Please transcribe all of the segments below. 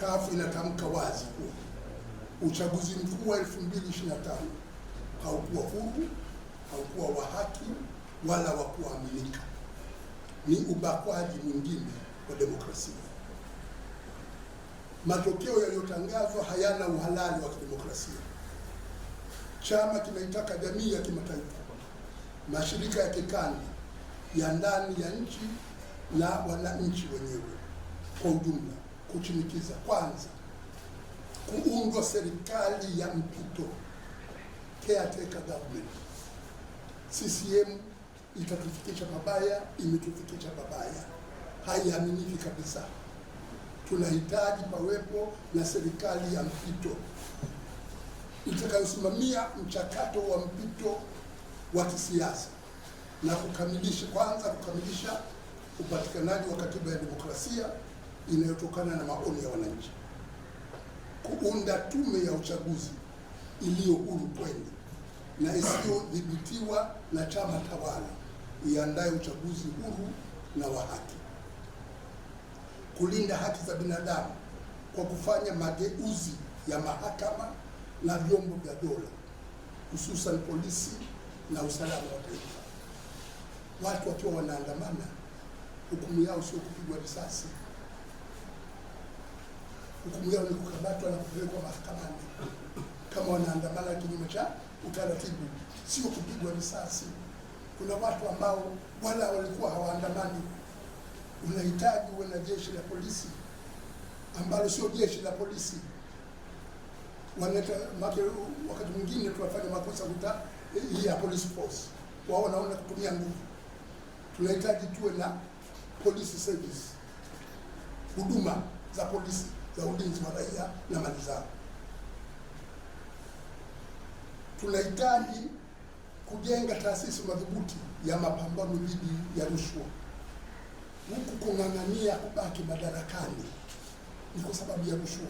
CUF inatamka wazi kuwa uchaguzi mkuu wa 2025 haukuwa huru, haukuwa wa haki wala wa kuaminika. Ni ubakwaji mwingine wa demokrasia. Matokeo yaliyotangazwa hayana uhalali wa kidemokrasia. Chama kinaitaka jamii ya kimataifa, mashirika ya kikanda, ya ndani ya nchi na wananchi wenyewe kwa ujumla kushinikiza kwanza kuundwa serikali ya mpito caretaker government. CCM itatufikisha mabaya, imetufikisha mabaya, haiaminiki kabisa. Tunahitaji pawepo na serikali ya mpito itakayosimamia mchakato wa mpito wa kisiasa na kukamilisha kwanza, kukamilisha upatikanaji wa katiba ya demokrasia inayotokana na maoni ya wananchi, kuunda tume ya uchaguzi iliyo huru kweli na isiyodhibitiwa na chama tawala, iandaye uchaguzi huru na wa haki, kulinda haki za binadamu kwa kufanya mageuzi ya mahakama na vyombo vya dola, hususan polisi na usalama wa taifa. Watu wakiwa wanaandamana, hukumu yao sio kupigwa risasi kukumbulia kukamatwa na kupelekwa mahakamani kama wanaandamana kinyume cha utaratibu, sio kupigwa risasi. Kuna watu ambao wala walikuwa hawaandamani. Unahitaji uwe na jeshi la polisi ambalo sio jeshi la polisi wanaleta make. Wakati mwingine tunafanya makosa kuta hii ya police force, wao wanaona kutumia nguvu. Tunahitaji tuwe na police service, huduma za polisi za ulinzi wa raia na mali zao. Tunahitaji kujenga taasisi madhubuti ya mapambano dhidi ya rushwa. Huku kung'ang'ania kubaki madarakani ni kwa sababu ya rushwa.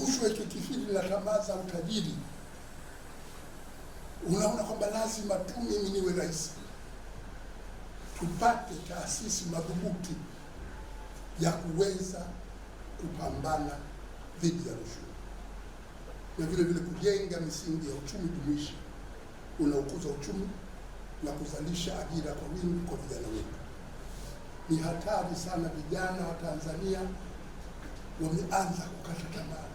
Rushwa ikikithiri za utajiri. Unaona kwamba lazima tu mimi niwe rais, tupate taasisi madhubuti ya kuweza kupambana dhidi ya rushwa na vile vile kujenga misingi ya uchumi jumuishi unaokuza uchumi na kuzalisha ajira kwa wingi kwa vijana wetu. Ni hatari sana, vijana wa Tanzania wameanza kukata tamaa,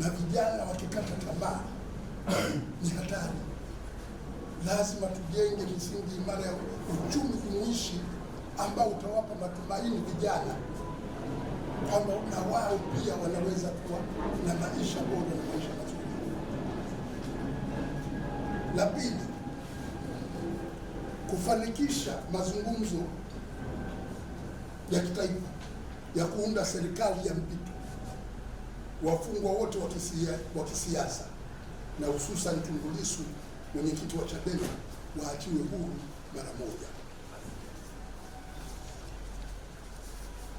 na vijana wakikata tamaa ni hatari. Lazima tujenge misingi imara ya uchumi jumuishi ambao utawapa matumaini vijana kwamba na wao pia wanaweza kuwa na maisha bora na maisha mazuri. La pili, kufanikisha mazungumzo ya kitaifa ya kuunda serikali ya mpito, wafungwa wote wa kisiasa na hususan Tundu Lissu mwenyekiti wa Chadema waachiwe huru mara moja.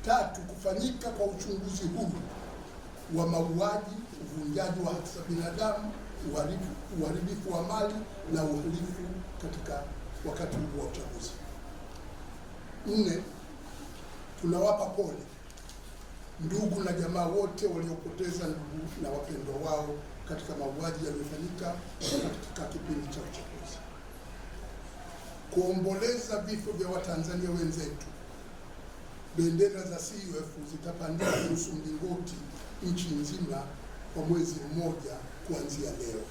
Tatu, kufanyika kwa uchunguzi huru wa mauaji, uvunjaji wa haki za binadamu, uharibifu wa mali na uhalifu katika wakati huu wa uchaguzi. Nne, tunawapa pole ndugu na jamaa wote waliopoteza ndugu na wapendwa wao katika mauaji yaliyofanyika katika kipindi cha uchaguzi, kuomboleza vifo vya Watanzania wenzetu bendera za CUF zitapandishwa nusu mlingoti nchi nzima kwa mwezi mmoja kuanzia leo.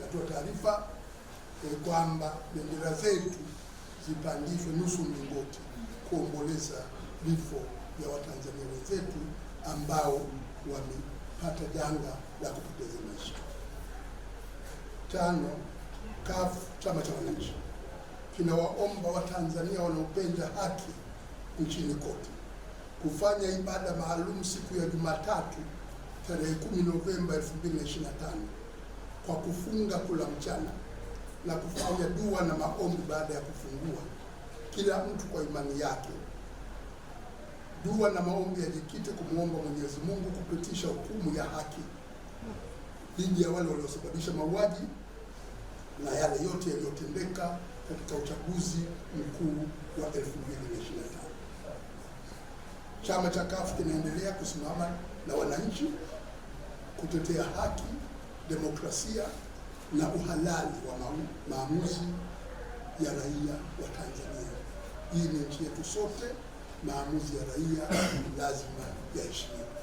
Natoa taarifa eh, kwamba bendera zetu zipandishwe nusu mlingoti kuomboleza vifo vya Watanzania wenzetu ambao wamepata janga la kupoteza maisha. Tano, CUF Chama cha Wananchi kinawaomba Watanzania wanaopenda haki nchini kote kufanya ibada maalum siku ya Jumatatu tarehe 10 Novemba 2025 kwa kufunga kula mchana na kufanya dua na maombi baada ya kufungua, kila mtu kwa imani yake. Dua na maombi yajikite kumwomba Mwenyezi Mungu kupitisha hukumu ya haki dhidi ya wale waliosababisha mauaji na yale yote yaliyotendeka katika uchaguzi mkuu wa 2025. Chama cha CUF kinaendelea kusimama na wananchi kutetea haki, demokrasia na uhalali wa maamuzi ya raia wa Tanzania. Hii ni nchi yetu sote, maamuzi ya raia lazima yaheshimiwe.